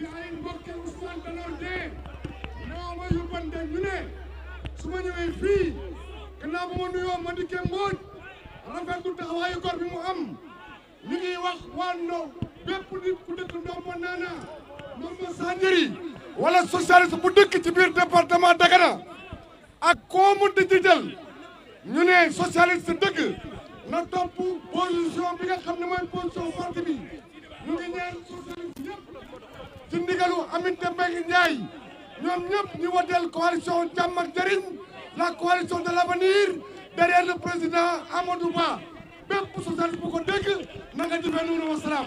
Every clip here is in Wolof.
di ay mbokki Ousmane Tanor Dieng naa ma yóbbante ñu ne su ma ñëwee fii gannaaw bu ma nuyoo ma dikkee mbooj rafetlu taxawaayu gor bi mu am ñu ngi Nana Mama Sandiéry wala socialiste bu dëkk ci biir département Dagana ak koo mënta jiital ñu ne socialiste dëgg na topp position bi nga xam ne mooy position Aminata Mbengue Ndiaye ñoom ñëpp ñu woteel coalition Jàmm ak Njariñ la coalition de l'avenir derrière le président Amadou Ba bépp socialiste bu dégg na nga jëfee salaam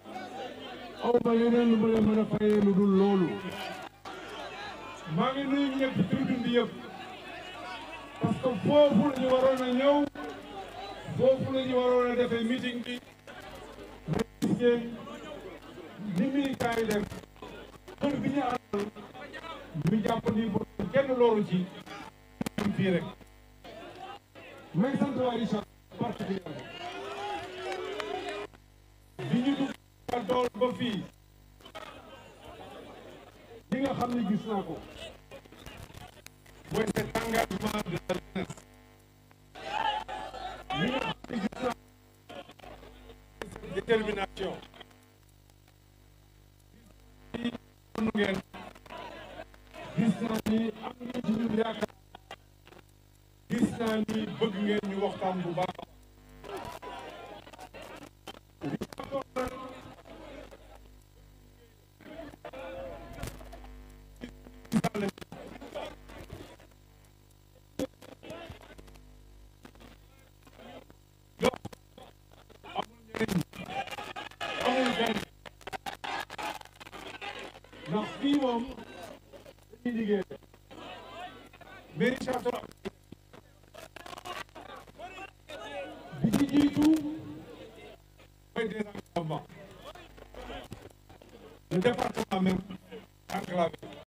aw ma leneen lu ma leen mën a fayee dul loolu maa ngi nuyu ñëpp suñu dund yëpp parce foofu la waroon a ñëw foofu la waroon a defee meeting bi mais gis ngeen kaay def kër bi ñu àndal ñu jàpp ci bi ñu dugg tool li nga xam ne gis naa ko mooy gis naa ni am ngeen ci ñun gis naa ni bëgg ngeen ñu waxtaan bu baax नक्कीवम इंडिगे मेरी छात्र बिजी जी तू बैठे ना बाबा मुझे पता है मैं अंकल